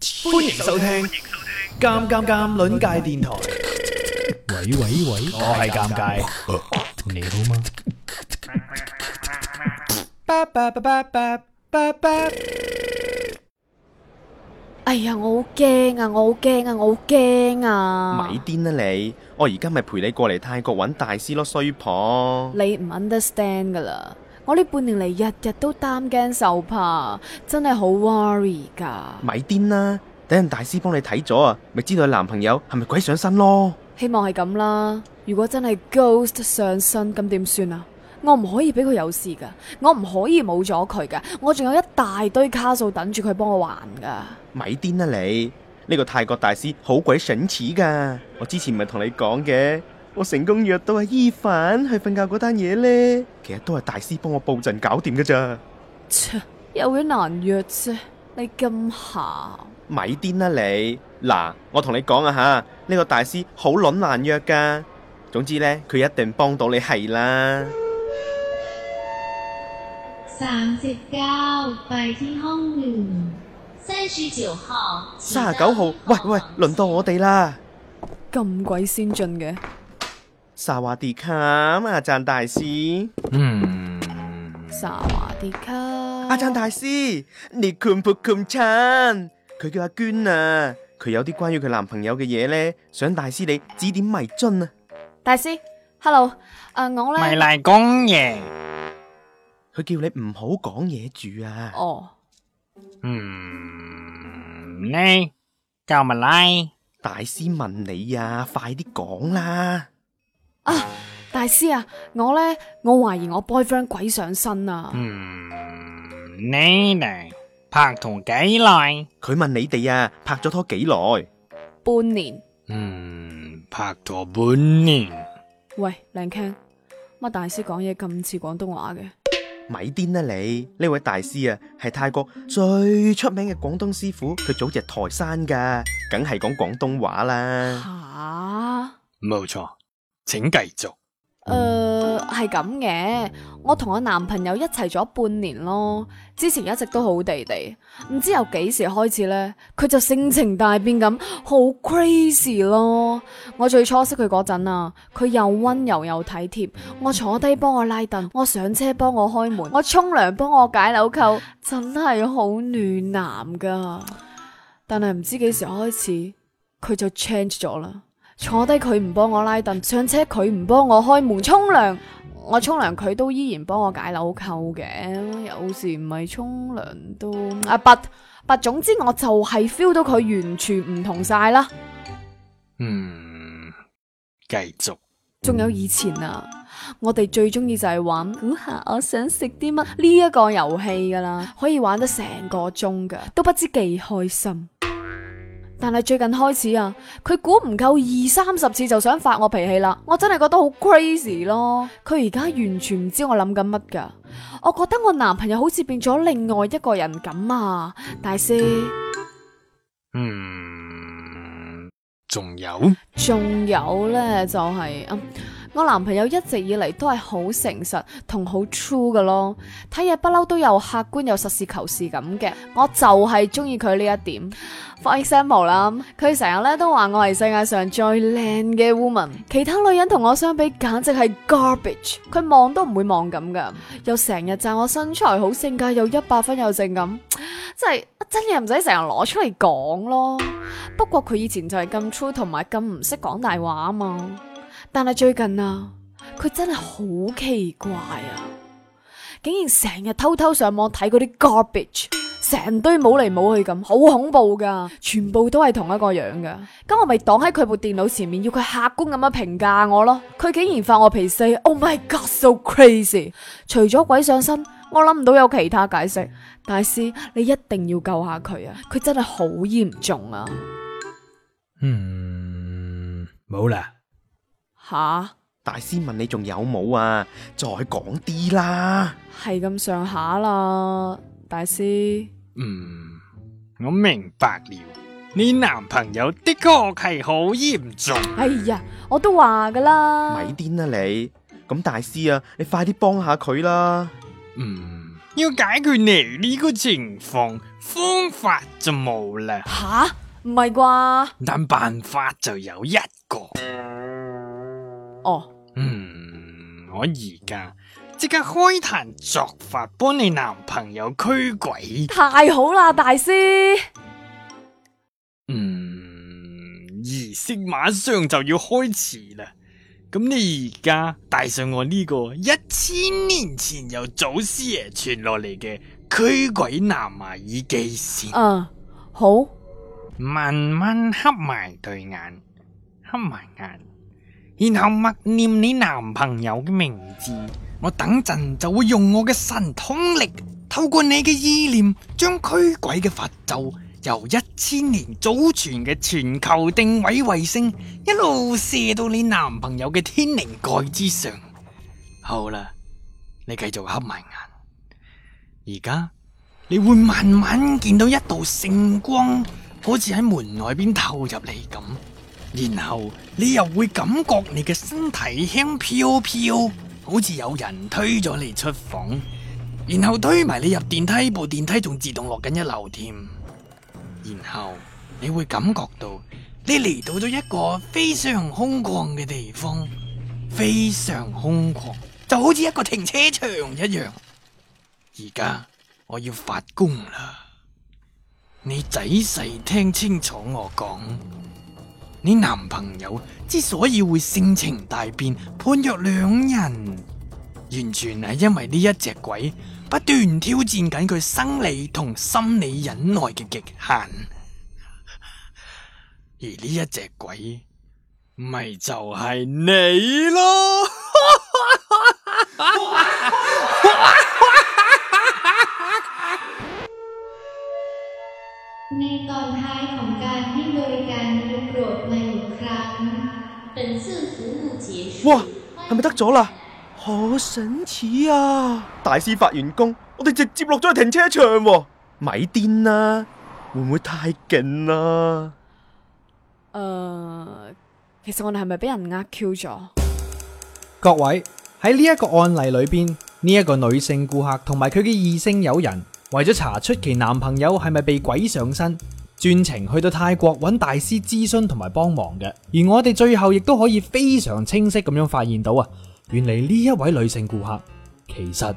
歡迎收聽尷尷尷卵界電台。喂喂喂，喂喂我係尷尬，你好嗎？ 哎呀，我好驚啊！我好驚啊！我好驚啊！咪癲啦你！我而家咪陪你過嚟泰國揾大師咯，啊，衰婆。你唔 understand 噶啦。我呢半年嚟日日都擔驚受怕，真係好 worry 噶。咪癲啦！等陣大師幫你睇咗啊，咪知道你男朋友係咪鬼上身咯？希望係咁啦。如果真係 ghost 上身，咁點算啊？我唔可以俾佢有事噶，我唔可以冇咗佢噶。我仲有一大堆卡數等住佢幫我還噶。咪癲啦你！呢個泰國大師好鬼醒似噶。我之前唔係同你講嘅，我成功約到阿伊凡去瞓覺嗰單嘢呢。都係大師幫我布陣搞掂嘅啫，有會難約啫，你咁閒，咪癲啦你嗱！我同你講啊吓，呢個大師好卵難約噶，總之咧，佢一定幫到你係啦。三十九號，三十九號，喂喂，輪到我哋啦！咁鬼先進嘅。薩瓦迪卡，阿贊大師。嗯，薩瓦迪卡，阿贊大師，你坤仆坤趁，佢叫阿娟啊，佢有啲關於佢男朋友嘅嘢咧，想大師你指點迷津啊。大師，hello，誒我咧。迷賴公爺，佢叫你唔好講嘢住啊。哦，嗯，呢教埋嚟。大師問你啊，快啲講啦。啊，大師啊，我呢，我懷疑我 boyfriend 鬼上身啊。嗯，你哋拍同幾耐？佢問你哋啊，拍咗拖幾耐？半年。嗯，拍拖半年。喂，靚兄，乜大師講嘢咁似廣東話嘅？咪癲啦你！呢位大師啊，係泰國最出名嘅廣東師傅，佢祖籍台山噶，梗係講廣東話啦。吓哈，冇錯。請繼續。誒、呃，係咁嘅，我同我男朋友一齊咗半年咯。之前一直都好地地，唔知由幾時開始呢，佢就性情大變咁，好 crazy 咯。我最初識佢嗰陣啊，佢又温柔又體貼，我坐低幫我拉凳，我上車幫我開門，我沖涼幫我解紐扣，真係好暖男噶。但係唔知幾時開始，佢就 change 咗啦。坐低佢唔幫我拉凳，上車佢唔幫我開門。沖涼，我沖涼佢都依然幫我解紐扣嘅，有時唔係沖涼都啊，不不，總之我就係 feel 到佢完全唔同晒啦。嗯，繼續。仲有以前啊，我哋最中意就係玩估下我想食啲乜呢一個遊戲噶啦，可以玩得成個鐘噶，都不知幾開心。但係最近開始啊，佢估唔夠二三十次就想發我脾氣啦，我真係覺得好 crazy 咯。佢而家完全唔知我諗緊乜噶，我覺得我男朋友好似變咗另外一個人咁啊，大師。嗯，嗯，仲有，仲有呢？就係、是、啊。嗯我男朋友一直以嚟都係好誠實同好 true 噶咯，睇嘢不嬲都有客觀有實事求是咁嘅，我就係中意佢呢一點。For example 啦，佢成日咧都話我係世界上最靚嘅 woman，其他女人同我相比簡直係 garbage，佢望都唔會望咁噶，又成日讚我身材好，性格又一百分又性感。真係真嘢唔使成日攞出嚟講咯。不過佢以前就係咁 true 同埋咁唔識講大話啊嘛。但係最近啊，佢真係好奇怪啊！竟然成日偷偷上網睇嗰啲 garbage，成堆冇嚟冇去咁，好恐怖噶！全部都係同一個樣噶。咁我咪擋喺佢部電腦前面，要佢客觀咁樣評價我咯。佢竟然發我脾氣，Oh my god，so crazy！除咗鬼上身，我諗唔到有其他解釋。大師，你一定要救下佢啊！佢真係好嚴重啊！嗯，冇啦。吓！哈大師問你仲有冇啊？再講啲啦。係咁上下啦，大師。嗯，我明白了。你男朋友的確係好嚴重。哎呀，我都話噶啦。咪癲啦你！咁大師啊，你快啲幫下佢啦。嗯，要解決你呢個情況，方法就冇啦。吓？唔係啩？但辦法就有一個。哦，oh。嗯，我而家即刻開壇作法，幫你男朋友驅鬼。太好啦，大師。嗯，儀式馬上就要開始啦，咁你而家帶上我呢個一千年前由祖師爺傳落嚟嘅驅鬼藍牙耳機先。嗯，uh, 好。慢慢黑埋對眼，黑埋眼。然後默念你男朋友嘅名字，我等陣就會用我嘅神通力，透過你嘅意念，將驅鬼嘅法咒由一千年祖傳嘅全球定位衛星一路射到你男朋友嘅天靈蓋之上。好啦，你繼續合埋眼，而家你會慢慢見到一道聖光，好似喺門外邊透入嚟咁。然後你又會感覺你嘅身體輕飄飄，好似有人推咗你出房，然後推埋你入電梯，部電梯仲自動落緊一樓添。然後你會感覺到你嚟到咗一個非常空曠嘅地方，非常空曠，就好似一個停車場一樣。而家我要發功啦，你仔細聽清楚我講。你男朋友之所以會性情大變、判若兩人，完全係因為呢一隻鬼不斷挑戰緊佢生理同心理忍耐嘅極限，而呢一隻鬼咪就係你咯。 哇，係咪得咗啦？好神奇啊！大師發完工，我哋直接落咗去停車場喎！咪癲啦，會唔會太勁啦？誒、呃，其實我哋係咪俾人呃 Q 咗？各位喺呢一個案例裏邊，呢、這、一個女性顧客同埋佢嘅異性友人，為咗查出其男朋友係咪被鬼上身。專程去到泰國揾大師諮詢同埋幫忙嘅，而我哋最後亦都可以非常清晰咁樣發現到啊，原嚟呢一位女性顧客其實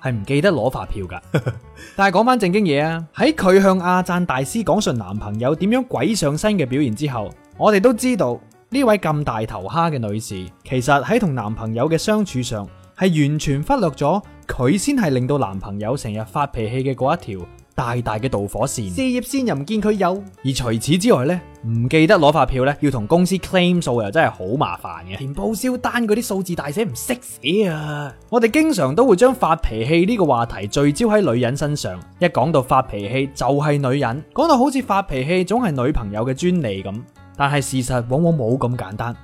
係唔記得攞發票噶。 但係講翻正經嘢啊，喺佢向阿贊大師講述男朋友點樣鬼上身嘅表現之後，我哋都知道呢位咁大頭蝦嘅女士，其實喺同男朋友嘅相處上係完全忽略咗佢先係令到男朋友成日發脾氣嘅嗰一條。大大嘅導火線，事業先又唔見佢有。而除此之外呢，唔記得攞發票呢，要同公司 claim 數又真係好麻煩嘅。連報銷單嗰啲數字大寫唔識寫啊！我哋經常都會將發脾氣呢個話題聚焦喺女人身上，一講到發脾氣就係女人，講到好似發脾氣總係女朋友嘅專利咁。但係事實往往冇咁簡單。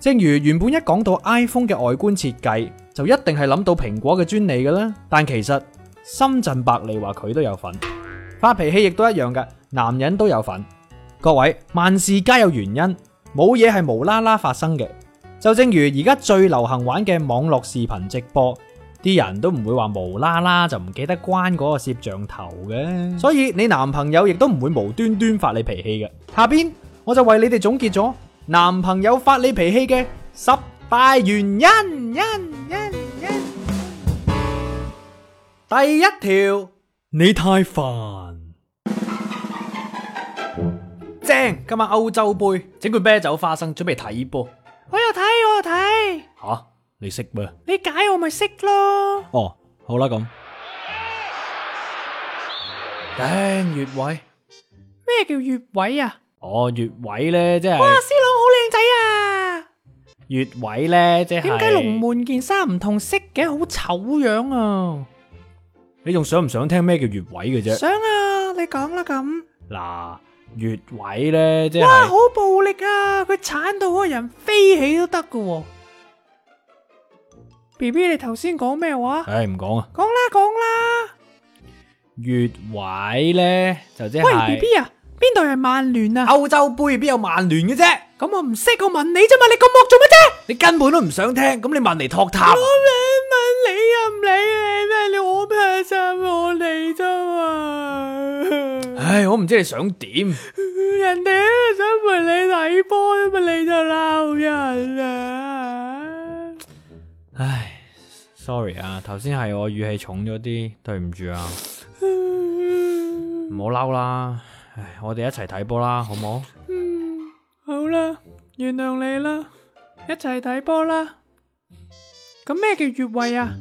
正如原本一講到 iPhone 嘅外觀設計，就一定係諗到蘋果嘅專利㗎啦，但其實。深圳白利話佢都有份發脾氣，亦都一樣㗎，男人都有份。各位萬事皆有原因，冇嘢係無啦啦發生嘅。就正如而家最流行玩嘅網絡視頻直播，啲人都唔會話無啦啦就唔記得關嗰個攝像頭嘅。所以你男朋友亦都唔會無端端發你脾氣嘅。下邊我就為你哋總結咗男朋友發你脾氣嘅十大原因。因因第一條，你太煩。正，今晚歐洲盃，整罐啤酒花生，準備睇波。我有睇，我有睇。吓，你識咩？你解我咪識咯。哦，好啦，咁。正越、嗯、位？咩叫越位啊？哦，越位咧，即係。哇，C 朗好靚仔啊！越位咧，即係。點解龍門件衫唔同色嘅，好醜樣啊！你仲想唔想聽咩叫越位嘅啫？想啊，你講啦咁。嗱、啊，越位咧，即係哇，好暴力啊！佢鏟到個人飛起都得㗎。B B 你頭先講咩話？唉、哎，唔講啊，講啦講啦。越位咧就即係喂，B B 啊，邊度係曼聯啊？歐洲杯邊有曼聯嘅啫。咁我唔識，我問你啫嘛，你咁惡做乜啫？你根本都唔想聽，咁你問嚟托塔？我想問你又唔理你咩，我你我咩？就我你啫嘛。唉，我唔知你想點。人哋想陪你睇波啫嘛，你就鬧人啊？唉，sorry 啊，頭先係我語氣重咗啲，對唔住啊。唔好嬲啦，唉，我哋一齊睇波啦，好唔好？好啦，原諒你啦，一齊睇波啦。咁咩叫越位啊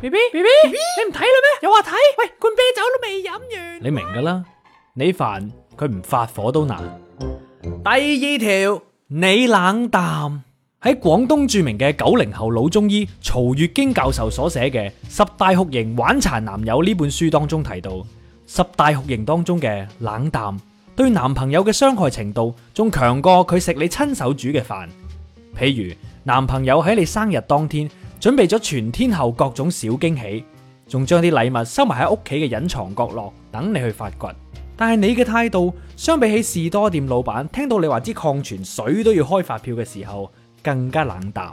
？B B B B，你唔睇啦咩？有話睇？喂，罐啤酒都未飲完。你明噶啦，你煩佢唔發火都難。第二條，你冷淡。喺廣東著名嘅九零後老中醫曹月經教授所寫嘅《十大酷刑玩殘男友》呢本書當中提到，十大酷刑當中嘅冷淡。對男朋友嘅傷害程度仲強過佢食你親手煮嘅飯。譬如男朋友喺你生日當天準備咗全天候各種小驚喜，仲將啲禮物收埋喺屋企嘅隱藏角落等你去發掘。但係你嘅態度相比起士多店老闆聽到你話支礦泉水都要開發票嘅時候更加冷淡。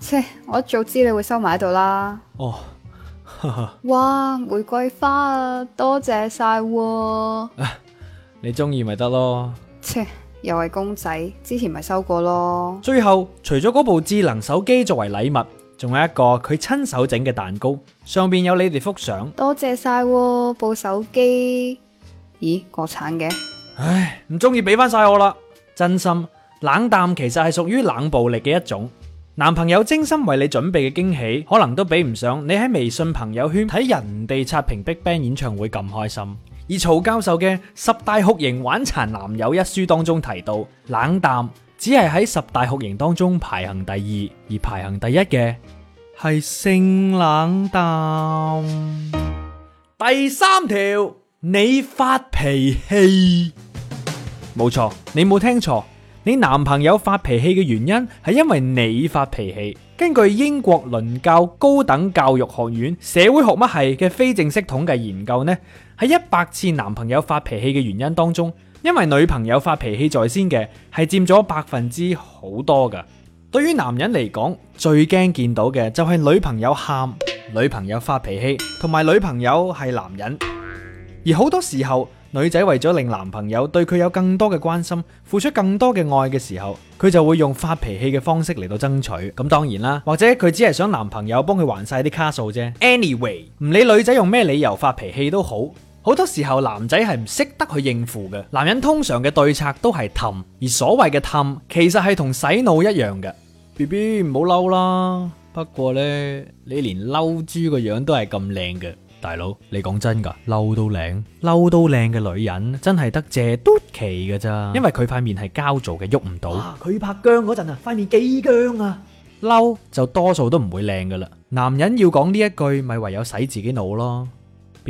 切，我早知你會收埋喺度啦。哦，oh, 哇，玫瑰花啊，多謝晒。 你中意咪得咯？切，又係公仔，之前咪收過咯。最後除咗嗰部智能手機作為禮物，仲有一個佢親手整嘅蛋糕，上邊有你哋幅相。多謝晒，部手機，咦，國產嘅？唉，唔中意俾翻晒我啦。真心冷淡其實係屬於冷暴力嘅一種。男朋友精心為你準備嘅驚喜，可能都比唔上你喺微信朋友圈睇人哋刷屏 BigBang 演唱會咁開心。而曹教授嘅《十大酷刑玩殘男友》一書當中提到，冷淡只係喺十大酷刑當中排行第二，而排行第一嘅係性冷淡。第三條，你發脾氣，冇錯，你冇聽錯，你男朋友發脾氣嘅原因係因為你發脾氣。根據英國倫教高等教育學院社會學乜係嘅非正式統計研究呢？喺一百次男朋友發脾氣嘅原因當中，因為女朋友發脾氣在先嘅係佔咗百分之好多噶。對於男人嚟講，最驚見到嘅就係女朋友喊、女朋友發脾氣同埋女朋友係男人。而好多時候，女仔為咗令男朋友對佢有更多嘅關心、付出更多嘅愛嘅時候，佢就會用發脾氣嘅方式嚟到爭取。咁當然啦，或者佢只係想男朋友幫佢還晒啲卡數啫。Anyway，唔理女仔用咩理由發脾氣都好。好多時候男仔係唔識得去應付嘅，男人通常嘅對策都係氹，而所謂嘅氹其實係同洗腦一樣嘅。B B 唔好嬲啦，不過呢，你連嬲豬個樣都係咁靚嘅，大佬你講真噶，嬲到靚，嬲到靚嘅女人真係得謝安琪嘅咋，因為佢塊面係膠做嘅，喐唔到。佢拍僵嗰陣啊，塊面幾僵啊，嬲就多數都唔會靚噶啦。男人要講呢一句，咪唯有洗自己腦咯。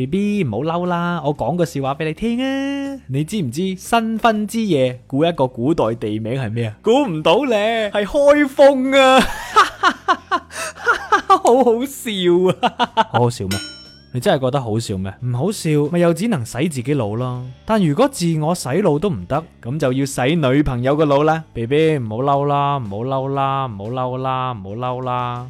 B B 唔好嬲啦，我講個笑話俾你聽啊！你知唔知新婚之夜估一個古代地名係咩啊？估唔到咧，係開封啊！哈哈哈哈，好好笑啊！好好笑咩？你真係覺得好笑咩？唔好笑咪又只能洗自己腦咯。但如果自我洗腦都唔得，咁就要洗女朋友個腦啦。B B 唔好嬲啦，唔好嬲啦，唔好嬲啦，唔好嬲啦。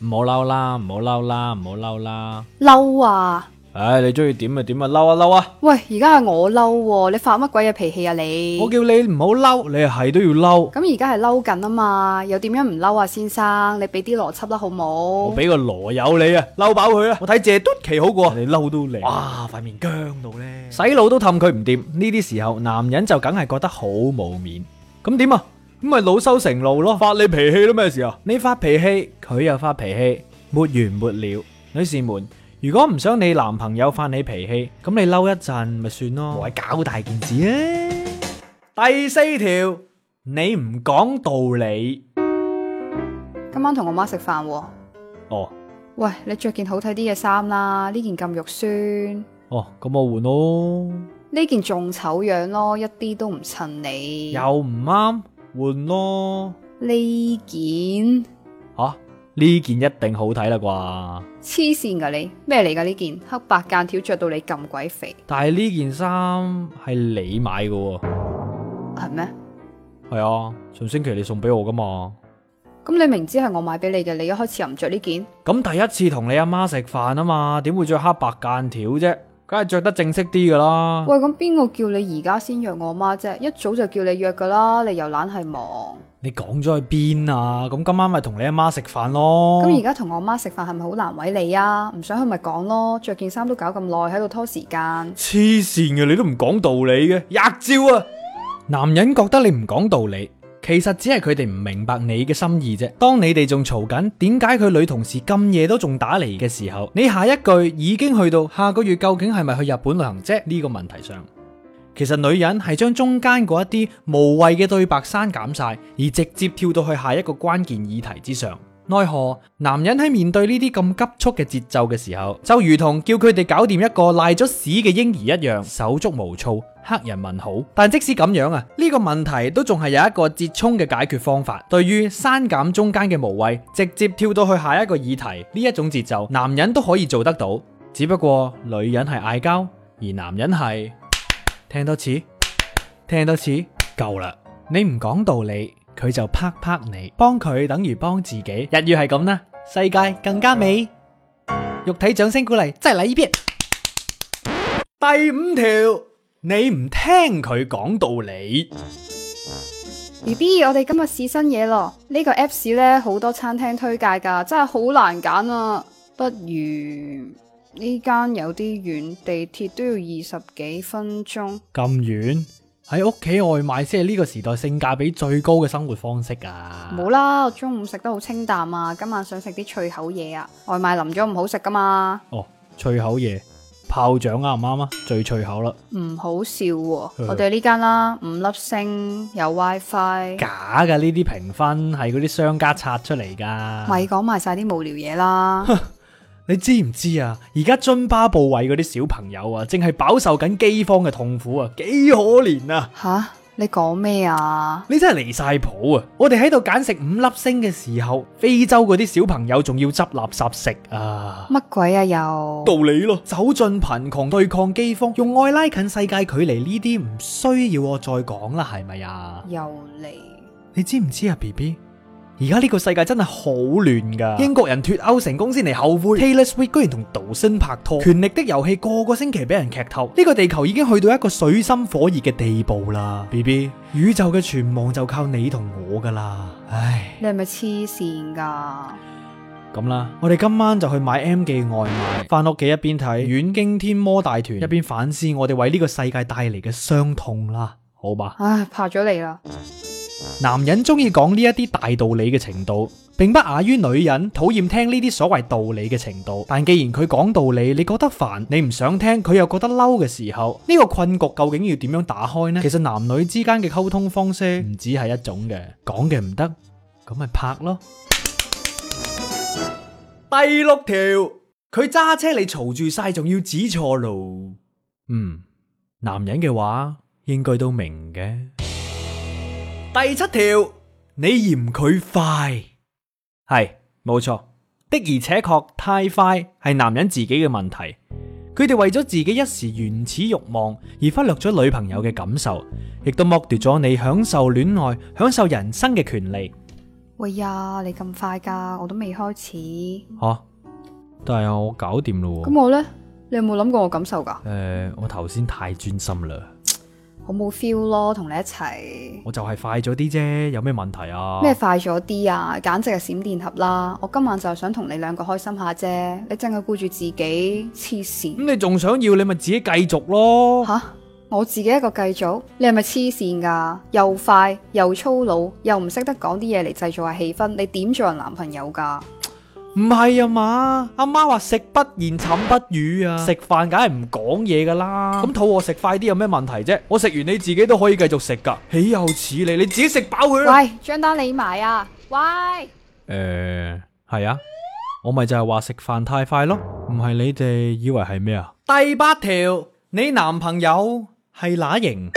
唔好嬲啦，唔好嬲啦，唔好嬲啦！嬲啊！唉，你中意點咪點啊，嬲啊，嬲啊！喂，而家係我嬲，你發乜鬼嘅脾氣啊你？我叫你唔好嬲，你係都要嬲。咁而家係嬲緊啊嘛，又點樣唔嬲啊先生？你俾啲邏輯啦好唔好？我俾個羅柚你啊，嬲飽佢啦，我睇謝嘟奇好過。你嬲到嚟，哇，塊面僵到咧，洗腦都氹佢唔掂。呢啲時候男人就梗係覺得好冇面，咁點啊？咁咪惱羞成怒咯，發你脾氣咯，咩事啊？你發脾氣，佢又發脾氣，沒完沒了。女士們，如果唔想你男朋友發你脾氣，咁你嬲一陣咪算咯，咪搞大件事啊！第四條，你唔講道理。今晚同我媽食飯喎。哦。喂，你着件好睇啲嘅衫啦，呢件咁肉酸。哦，咁我換咯。呢件仲醜樣咯，一啲都唔襯你。又唔啱。換咯，呢件吓呢、啊、件一定好睇啦啩。黐線噶，你咩嚟噶呢件黑白間條着到你咁鬼肥。但係呢件衫係你買噶？係咩？係啊，上星期你送俾我噶嘛。咁你明知係我買俾你嘅，你一開始又唔着呢件。咁第一次同你阿媽食飯啊嘛，點會着黑白間條啫？梗係着得正式啲噶啦！喂，咁邊個叫你而家先約我媽啫？一早就叫你約噶啦，你又懶係忙。你講咗去邊啊？咁今晚咪同你阿媽食飯咯。咁而家同我阿媽食飯係咪好難為你啊？唔想去咪講咯，着件衫都搞咁耐喺度拖時間。黐線嘅，你都唔講道理嘅，吔，招啊！男人覺得你唔講道理。其實只係佢哋唔明白你嘅心意啫。當你哋仲嘈緊，點解佢女同事咁夜都仲打嚟嘅時候，你下一句已經去到下個月究竟係咪去日本旅行啫呢個問題上。其實女人係將中間嗰一啲無謂嘅對白刪減晒，而直接跳到去下一個關鍵議題之上。奈何男人喺面對呢啲咁急促嘅節奏嘅時候，就如同叫佢哋搞掂一個賴咗屎嘅嬰兒一樣，手足無措。黑人問好，但即使咁樣啊，呢、這個問題都仲係有一個折衷嘅解決方法。對於刪減中間嘅無謂，直接跳到去下一個議題呢一種節奏，男人都可以做得到。只不過女人係嗌交，而男人係聽多次，聽多次夠啦。你唔講道理，佢就啪啪你，幫佢等於幫自己。日語係咁啦，世界更加美。肉體掌聲鼓勵，再嚟一遍。第五條。你唔聽佢講道理，BB，我哋今日試新嘢咯。這個、呢個 apps 咧好多餐廳推介噶，真係好難揀啊。不如呢間有啲遠，地鐵都要二十幾分鐘。咁遠喺屋企外賣先係呢個時代性價比最高嘅生活方式啊。冇啦，我中午食得好清淡啊，今晚想食啲脆口嘢啊，外賣淋咗唔好食噶嘛。哦，脆口嘢。炮仗啱唔啱啊？最脆口、啊、 啦，唔好笑。我哋呢間啦，五粒星，有 WiFi。Fi、假㗎呢啲評分係嗰啲商家刷出嚟噶。咪講埋晒啲無聊嘢啦。 你知唔知啊？而家津巴布韋嗰啲小朋友啊，正係飽受緊饑荒嘅痛苦啊，幾可憐啊！吓。你講咩啊？你真係離晒譜啊！我哋喺度揀食五粒星嘅時候，非洲嗰啲小朋友仲要執垃圾食啊！乜鬼啊又？道理咯，走進貧窮對抗饑荒，用愛拉近世界距離，呢啲唔需要我再講啦，係咪呀？又嚟來？你知唔知啊，BB？而家呢個世界真係好亂噶，英國人脫歐成功先嚟後悔。Taylor Swift 居然同杜星拍拖，權力的遊戲個個星期俾人劇透。呢個地球已經去到一個水深火熱嘅地步啦。B B，宇宙嘅存亡就靠你同我噶啦。唉，你係咪黐線噶？咁啦，我哋今晚就去買 M 記外賣，翻屋企一邊睇《遠經天魔大團》，一邊反思我哋為呢個世界帶嚟嘅傷痛啦。好吧。唉，拍咗你啦。男人中意講呢一啲大道理嘅程度，並不亞於女人討厭聽呢啲所謂道理嘅程度。但既然佢講道理，你覺得煩，你唔想聽，佢又覺得嬲嘅時候，呢個困局究竟要點樣打開呢？其實男女之間嘅溝通方式唔止係一種嘅，講嘅唔得，咁咪拍咯。第六條，佢揸車你嘈住晒，仲要指錯路。嗯，男人嘅話應該都明嘅。第七條，你嫌佢快，係，冇錯，的而且確太快係男人自己嘅問題。佢哋為咗自己一時原始欲望而忽略咗女朋友嘅感受，亦都剝奪咗你享受戀愛、享受人生嘅權利。喂呀，你咁快噶，我都未開始。吓、啊，但係我搞掂啦。咁我呢？你有冇諗過我感受噶？誒、呃，我頭先太專心啦。好冇 feel 咯，同你一齊。我就係快咗啲啫，有咩問題啊？咩快咗啲啊？簡直係閃電俠啦！我今晚就係想同你兩個開心下啫，你真係顧住自己，黐線！咁你仲想要，你咪自己繼續咯。吓，啊，我自己一個繼續？你係咪黐線噶？又快又粗魯，又唔識得講啲嘢嚟製造下氣氛，你點做人男朋友噶？唔係啊嘛，阿媽話食不言，寢不語啊。食飯梗係唔講嘢噶啦。咁肚餓食快啲有咩問題啫？我食完你自己都可以繼續食噶。豈有此理！你自己食飽佢。喂，張單你埋啊。喂，誒、呃，係啊，我咪就係話食飯太快咯。唔係你哋以為係咩啊？第八條，你男朋友係乸型？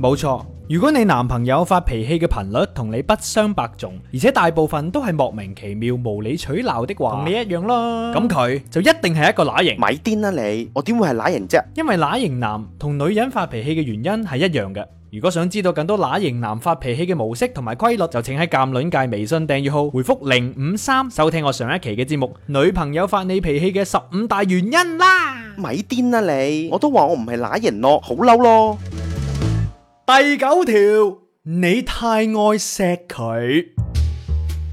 冇錯。如果你男朋友發脾氣嘅頻率同你不相伯仲，而且大部分都係莫名其妙、無理取鬧的話，同你一樣咯。咁佢就一定係一個乸型。咪癲啦你！我點會係乸型啫？因為乸型男同女人發脾氣嘅原因係一樣嘅。如果想知道更多乸型男發脾氣嘅模式同埋規律，就請喺尷卵尬微信訂閱號回覆零五三，收聽我上一期嘅節目《女朋友發你脾氣嘅十五大原因》啦。咪癲啦你！我都話我唔係乸型咯，好嬲咯。第九條，你太愛錫佢。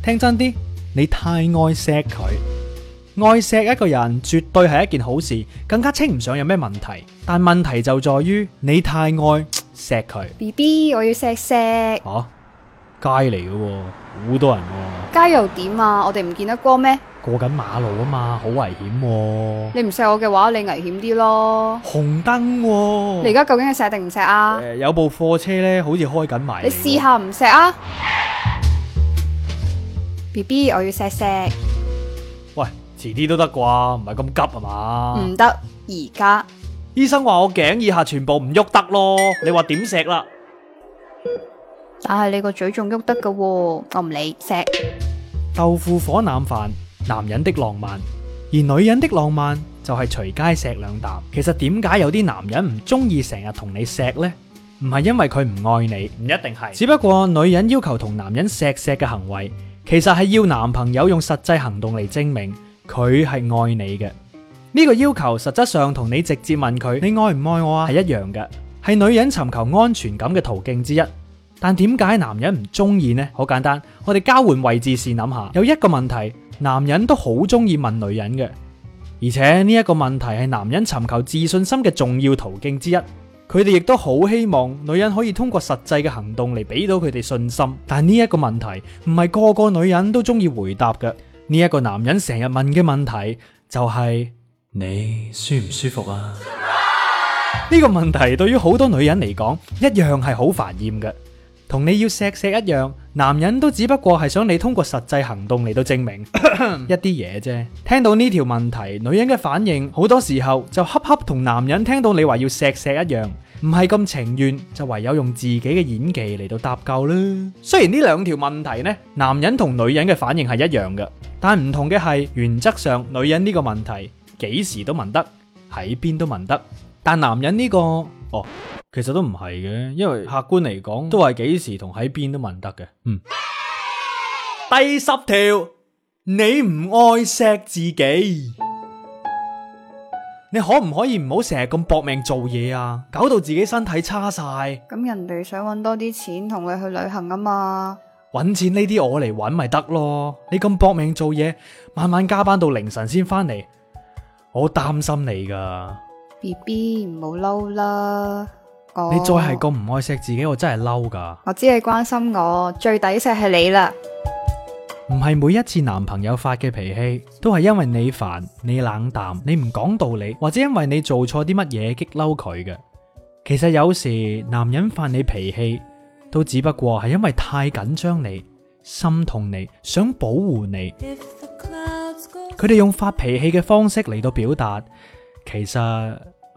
聽真啲，你太愛錫佢。愛錫一個人絕對係一件好事，更加稱唔上有咩問題。但問題就在於你太愛錫佢。BB，我要錫錫。哦、啊，街嚟嘅喎，好多人喎。街又點啊？我哋唔見得光咩？過緊馬路啊嘛，好危險，哦。你唔錫我嘅話，你危險啲咯。紅燈，哦。你而家究竟係錫定唔錫啊？呃、有部貨車咧，好似開緊埋。你試下唔錫啊！BB，我要錫錫。喂，遲啲都得啩，唔係咁急啊嘛。唔得，而家。醫生話我頸以下全部唔喐得咯，你話點錫啦？但係你個嘴仲喐得噶，我唔理錫。 豆腐火腩飯。男人的浪漫，而女人的浪漫就係隨街錫兩啖。其實點解有啲男人唔中意成日同你錫呢？唔係因為佢唔愛你，唔一定係。只不過女人要求同男人錫錫嘅行為，其實係要男朋友用實際行動嚟證明佢係愛你嘅。呢個要求，實質上同你直接問佢你愛唔愛我啊係一樣嘅，係女人尋求安全感嘅途徑之一。但點解男人唔中意呢？好簡單，我哋交換位置試諗下，有一個問題。男人都好中意問女人嘅，而且呢一個問題係男人尋求自信心嘅重要途徑之一。佢哋亦都好希望女人可以通過實際嘅行動嚟俾到佢哋信心。但呢一個問題唔係個個女人都中意回答嘅。呢一個男人成日問嘅問題就係你舒唔舒服啊？呢個問題對於好多女人嚟講，一樣係好煩厭嘅。同你要錫錫一樣，男人都只不過係想你通過實際行動嚟到證明 一啲嘢啫。聽到呢條問題，女人嘅反應好多時候就恰恰同男人聽到你話要錫錫一樣，唔係咁情願，就唯有用自己嘅演技嚟到搭救啦。雖然呢兩條問題呢，男人同女人嘅反應係一樣嘅，但唔同嘅係原則上，女人呢個問題幾時都問得，喺邊都，都問得，但男人呢、這個。哦，其實都唔係嘅，因為客觀嚟講， 都係幾時同喺邊都問得嘅。嗯， 第十條，你唔愛錫自己， 你可唔可以唔好成日咁搏命做嘢啊？搞到自己身體差晒。咁人哋想揾多啲錢，同你去旅行啊嘛。揾錢呢啲我嚟揾咪得咯，你咁搏命做嘢，晚晚加班到凌晨先翻嚟，我好擔心你噶。B B 唔好嬲啦！寶寶你再係個唔愛錫自己，我真係嬲噶。我知你關心我，最抵錫係你啦。唔係每一次男朋友發嘅脾氣，都係因為你煩、你冷淡、你唔講道理，或者因為你做錯啲乜嘢激嬲佢嘅。其實有時男人發你脾氣，都只不過係因為太緊張你、心痛你、想保護你。佢哋用發脾氣嘅方式嚟到表達。其實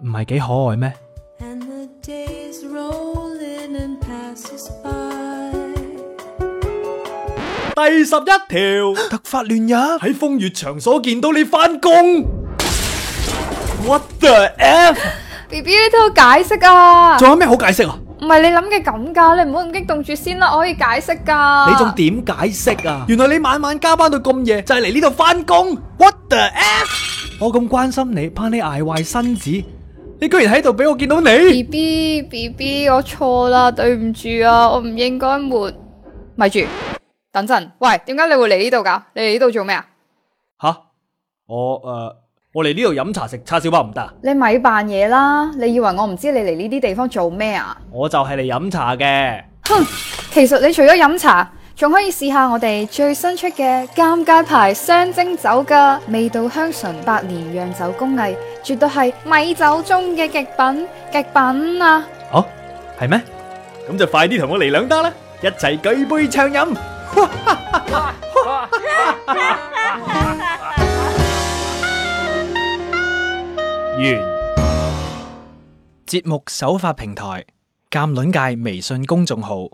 唔係幾可愛咩？第十一條突發亂入喺風月場所見到你翻工。What the f？BB 你都好解釋啊？仲有咩好解釋啊？唔係你諗嘅咁噶，你唔好咁激動住先啦，我可以解釋噶。你仲點解釋啊？原來你晚晚加班到咁夜就係嚟呢度翻工。What the f？我咁關心你，怕你捱壞身子，你居然喺度俾我見到你。B B B B，我錯啦，對唔住啊，我唔應該瞞。咪住，等陣，喂，點解你會嚟呢度噶？你嚟呢度做咩啊？吓，我誒、呃，我嚟呢度飲茶食叉燒包唔得。你咪扮嘢啦，你以為我唔知你嚟呢啲地方做咩啊？我就係嚟飲茶嘅。哼，其實你除咗飲茶。仲可以試下我哋最新出嘅尷尬牌雙蒸酒嘅味道香醇，百年釀酒工藝，絕對係米酒中嘅極品，極品啊！好係咩？咁就快啲同我嚟兩打啦，一齊舉杯暢飲。完。節目首發平台：尷卵尬微信公眾號。